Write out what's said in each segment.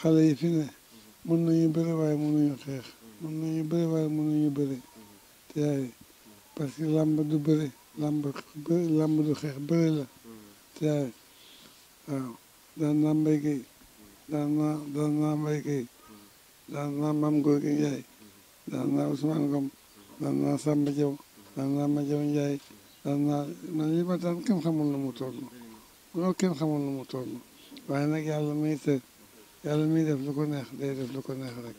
xale yi fi ne mën nañu bëre waaye mënuñu xeex mën nañu bëre waaye mënuñu bëre te yaay parce que làmb du bëre làmb làmb du xeex bëre la te yaay waaw daan naa mbay kay daan naa daan naa mbay kay daan naa maam góor gi daan naa Ousmane Ngom daan naa Samba Jaw daan naa Majaw Njaay daan naa man li ma daan kenn xamul nu mu toll loolu nu mu toll waaye nag yàlla may te yàlla muy def lu ko neex day def lu ko neex rek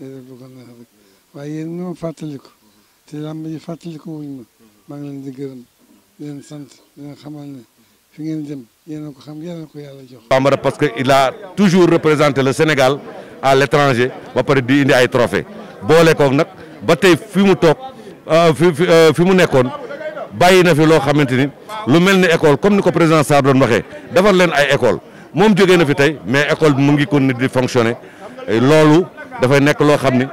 day def lu ko neex rek waaye yéen ñoo fàttaliku te làmb ji fàttaliku wuñ ma maa ngi leen di gërëm di sant di leen xamal ne fi ngeen jëm yéen ko xam yéen a ko yàlla jox. Bambara parce que il a toujours représenté le Sénégal à l'étranger ba pare di indi ay trophée boole koog nag ba tey fi mu toog euh, fi euh, fi mu nekkoon bàyyi na fi loo xamante ni lu mel ni école comme ni ko président Sarr doon waxee defar leen ay école moom jógee na fi tey mais école bi mu ngi continuer di fonctionner loolu dafay nekk loo xam ne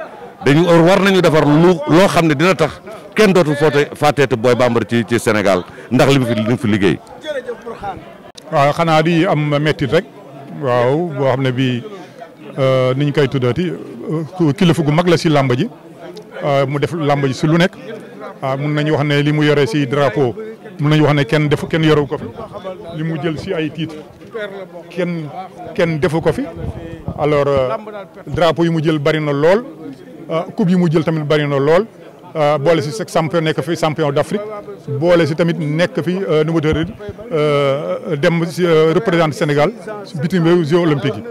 dañu war nañu defar lu loo xam ne dina tax kenn dootul foote fàtteete Boy Bambara ci ci Sénégal ndax limu mu fi li liggéey. waaw xanaa di am mettit rek waaw boo xam ne bii euh, niñ koy tuddati euh, kilifa gu mag la si làmb ji euh, mu def làmb ji si lu nekk ah mun nañu wax ne li mu yore si drapeau mun nañu wax ne kenn def kenn yorewu ko fi mu jël si ay titre kenn kenn defu ko fi alors euh, drapeau yi mu jël bari na lool euh, coupe yi mu jël tamit bari na lool euh, boole si champion nekk fi champion d'Afrique boole si tamit nekk fi nu mu tëdd dem si représente Sénégal bitim réew jeux olympiques yi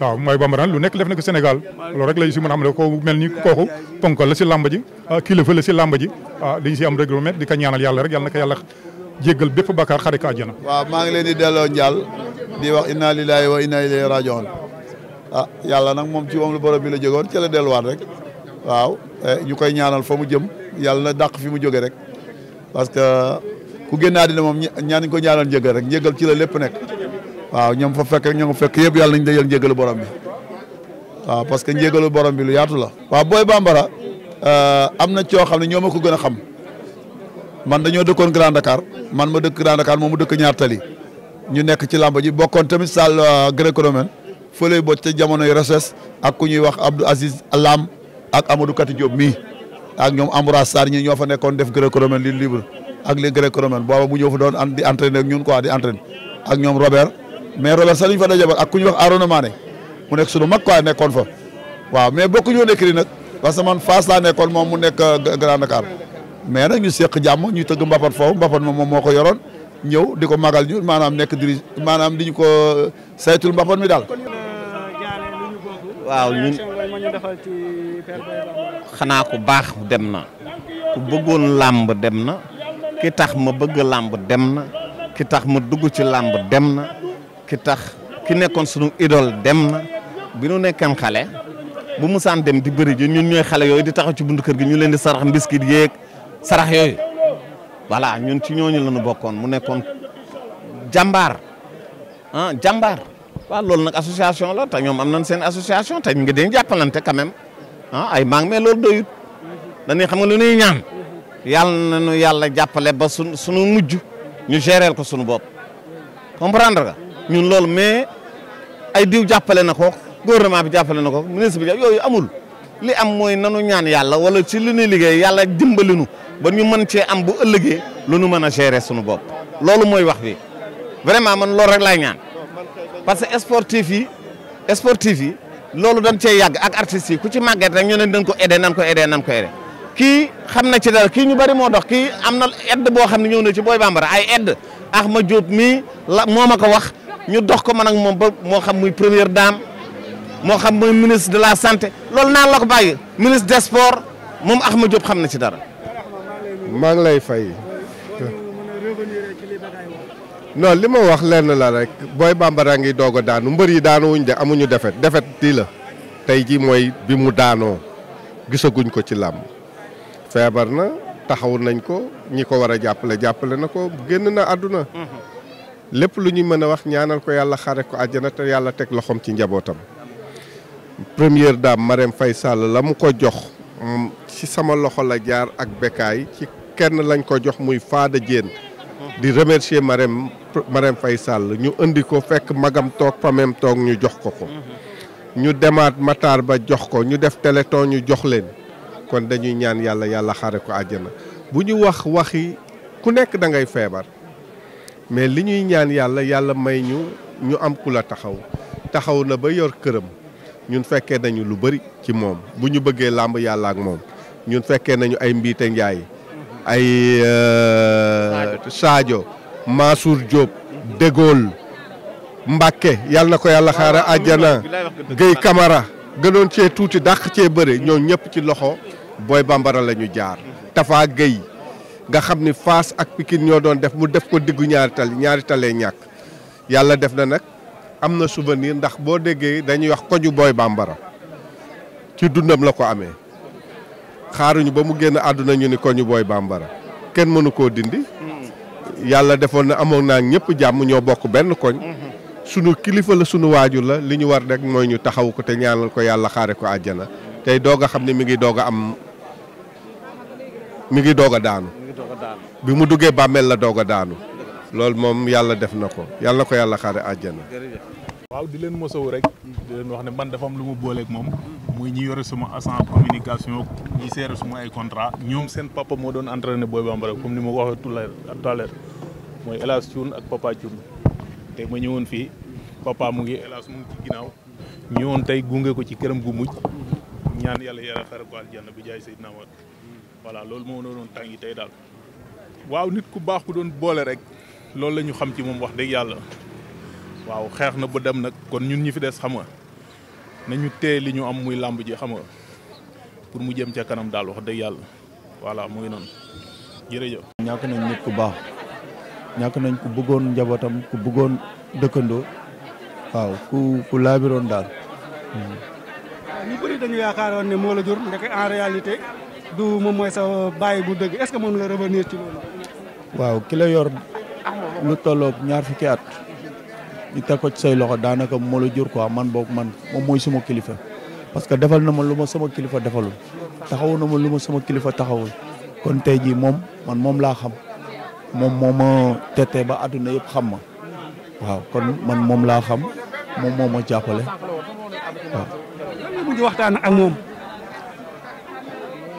waaw mooy Bambara lu nekk def na ko Sénégal loolu rek lay si mën a xam ne ko mel ni kooku ponkal la si làmb ji kilifa la si làmb ji waaw si am rek di ko ñaanal yàlla rek yàlla na yàlla jéggal bépp bakkaar xare ko àjjana waaw maa ngi leen di delloo njaal di wax inna lillahi wa inna ilayhi rajiun ah yàlla nag moom ci moom lu borom bi la jegoon ci la delluwaat rek waaw eh, ñu koy ñaanal fa mu jëm yàlla na dàq fi mu jóge rek parce que ku génn àddina moom ñaan ko ñaanal njëgal rek njëgal ci la lépp nekk waaw ñoom fa fekk rek ñoo fekk yëpp yàlla nañ dajal njëgalu borom bi waaw parce que njëgalu borom bi lu yaatu la waaw booy bambara eh, am na coo xam ne ñoo ma ko gën a xam man dañoo dëkkoon Grand Dakar man ma dëkk Grand Dakar moom mu dëkk ñaar tali ñu nekk ci làmb ji bokkoon tamit salle euh, gréco-romaine fële ba ca jamonoy reces ak ku ñuy wax Abdou Aziz Lam ak Amadou Kati joob mii ak ñoom Amoura Sarr ñi ñoo fa nekkoon def gréco-romaine li libre ak li gréco ñëw fa doon an di entraîné ak ñun quoi di entraîné ak ñoom Robert mais Robert sax ak ku ñuy wax Arona mu nekk sunu mag quoi nekkoon fa waaw mais bokkuñu woon écrit nag parce que man laa nekkoon moom mu nekk euh, Grand Dakar mais nag ñu seq jàmm ñu tëgg mbapat foofu mbapat moom moo ko yoroon ñëw di ko magal ñu maanaam nekk dirige maanaam di ñu ko euh, saytul mbapat mi daal. Euh, waaw ñun xanaa ku baax dem na ku bëggoon làmb dem na ki tax ma bëgg làmb dem na ki tax ma dugg ci làmb dem na ki tax ki nekkoon sunu idole dem na bi nu nekkan xale bu musaan dem di bëri ji ñun ñooy xale yooyu di taxaw ci buntu kër gi ñu leen di sarax mbiskit yéeg sarax yooyu voilà ñun ci ñooñu la ñu bokkoon mu nekkoon jàmbaar ah jàmbaar waaw loolu nag association la te ñoom am nañ seen association te ñu ngi dañuy jàppalante quand même ah, ay maa ngi mais loolu doyut dañuy xam nga lu ñuy ñaan yàlla nañu yàlla jàppale ba su suñu mujj ñu gérer ko suñu bopp comprendre nga ñun loolu mais ay diw jàppale na ko gouvernement bi jàppale na ko ministre bi yooyu amul li am mooy nanu ñaan yàlla wala ci li ñuy liggéey yàlla dimbalinu ba ñu mën cee am bu ëllëgee lu nu mën a gérer suñu bopp loolu mooy wax bi vraiment man loolu rek laay ñaan parce que sportif yi sportif yi loolu dañ cee yàgg ak artistes yi ku ci màgget rek ñu ne dañ ko aidé nan ko aidé nan ko aidé kii xam na ci dara kii ñu bari moo dox kii am na aide boo xam ne ñëw na ci booy Boy Bambara ay aide ma Diop mii la moo ma ko wax ñu dox ko man ak moom ba moo xam muy première dame moo xam muy ministre de la sante loolu naan la ko bàyyi ministre des sports moom ma Diop xam na ci dara maa ngi lay fay. non li ma wax lenn la rek booy bambara ngi doog a daanu mbër yi daanuwuñ de amuñu defet defet lii la tey ji mooy bi mu daanoo gisaguñ ko ci làmb feebar na taxaw nañ ko ñi ko war a jàppale jàppale na ko génn na àdduna lépp lu ñuy mën a wax ñaanal ko yàlla xare ko àjjana te yàlla teg loxoom ci njabootam première dame Marème Faye Sall la mu ko jox ci sama loxo la jaar ak bekkaay ci kenn lañ ko jox muy faada Diène di remercier Marème Marème Faye Sall ñu indi ko fekk magam toog famem toog ñu jox ko ko ñu demaat mataar ba jox ko ñu def téléton ñu jox leen kon dañuy ñaan yàlla yàlla xare ko àjjana bu ñu wax waxi ku nekk da ngay feebar mais li ñuy ñaan yàlla yàlla may ñu ñu am ku la taxaw taxaw na ba yor këram ñun fekkee nañu lu bari ci moom bu ñu bëggee làmb yàlla ak moom ñun fekkee nañu ay mbiite njaay ay euh, Sadio Mansour Diop De Gaulle Mbacke yàlla na ko yàlla xaara ah, àjjana Gueye Camara gënoon cee tuuti dàq cee bëre ñoom ñëpp ci loxo booy Bambara la ñu jaar Tafa Gueye nga xam ni Fass ak Pikine ñoo doon def mu def ko diggu ñaari tal ñaari ñàkk yàlla def na nag am na souvenir ndax boo déggee dañuy wax koñu Boy Bambara ci dundam la ko amee ñu ba mu génn àdduna ñu ni koñu booy bambara kenn mënu koo dindi. yàlla defoon na amoon naa ñëpp jàmm ñoo bokk benn koñ. sunu kilifa la sunu waajur la li ñu war rek mooy ñu taxaw ko te ñaanal ko yàlla xaare ko àjjana tey doog a xam ne mi ngi doog am mi ngi doog a daanu. bi mu duggee bàmmeel la doog daanu. loolu moom yàlla def na ko yàlla ko yàlla xaare àjjana. leen mosawu rek. wax ne man dafa lu mu booleeg moom. muy ñi yore suma agent communication ñi seere suma ay contrat ñoom seen papa moo doon entraîné Boy Bambara comme ni ma ko waxee tout à mooy El Hadj ak papa Thioune tey ma ñëwoon fii papa mu ngi El Hadj mu ngi ci ginnaaw ñëwoon tey gunge ko ci këram gu mujj ñaan yàlla yàlla xare ko aljanna bi jaay Seydina Muhammad voilà loolu moo doon tàng yi tey daal. waaw nit ku baax ku doon boole rek loolu la ñu xam ci moom wax dëgg yàlla waaw xeex na ba dem nag kon ñun ñi fi des xam nañu téye li ñu am muy làmb ji xam nga pour mu jëm ca kanam daal wax dëgg yàlla voilà mu ngi noonu jërëjëf. ñàkk nañ nit ku baax ñàkk nañ ku bëggoon njabootam ku bëggoon dëkkandoo waaw ku ku laabiroon daal. Hmm. ñu bëri dañu yaakaaroon ne moo la jur ndeke en réalité du moom mooy sa bàyyi bu dëgg est-ce que mën nga ci loolu. waaw kilo yor lu tolloog ñaar fukki at. ñu teg ci say loxo daanaka moo la jur quoi man boog man moom mooy suma kilifa. parce que defal na ma lu ma sama kilifa defalul taxawu na ma lu ma sama kilifa taxawul kon tey jii moom man moom laa xam moom moo ma tette ba àdduna yëpp xam ma waaw kon man moom laa xam moom moo ma jàppale waaw. mujj waxtaan ak moom.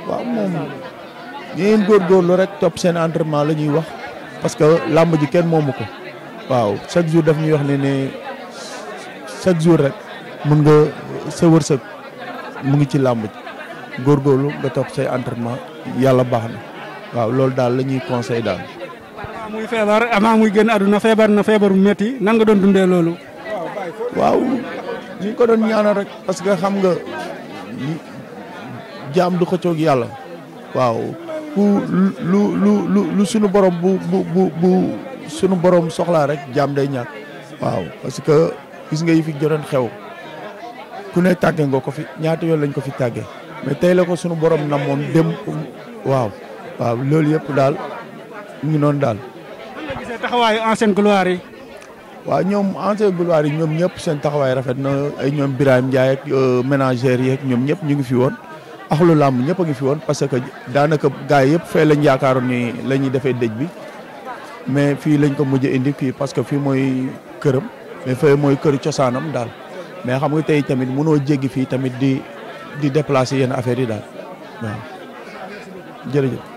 waaw moom rek topp seen entraînement la ñuy wax parce que làmb ji kenn moomu ko. waaw chaque jour daf ñuy wax ne ne chaque jour rek mun nga sa wërsëg mu ngi ci làmb góor góorlu nga toog say entraînement yàlla baax na waaw loolu daal la ñuy conseil daal. avant muy feebar avant muy génn àdduna feebar na feebar bu métti nan doon dundee loolu. waaw ñu ngi ko doon ñaanal rek parce que xam nga jaam du xëccoog yàlla. waaw lu lu lu lu sunu borom bu bu bu. sunu borom soxlaa rek jaam day ñàkk waaw parce que gis nga yi fi jotoon xew ku ne tàgge nga ko fi ñaata yoon lañ ko fi tàggee mais tey la ko sunu borom na moom dem waaw waaw loolu yëpp daal mu ngi noonu daal. nan la gisee taxawaayu ancienne gloire yi. waaw ñoom ancienne gloire yi ñoom ñëpp seen taxawaay rafet na ay ñoom Birame Ndiaye ak euh, yeeg ñoom ñëpp ñu ngi fi woon. axlu làmb ñëpp a ngi fi woon parce que daanaka gars yëpp fee lañ yaakaaroon ni la ñuy defee dëj bi. mais fii lañ ko mujj indi fii parce que fii mooy këram mais fee mooy kër cosaanam daal mais xam nga tey tamit mënoo jéggi fii tamit di di déplacer yenn affaires yi daal waaw jërëjëf.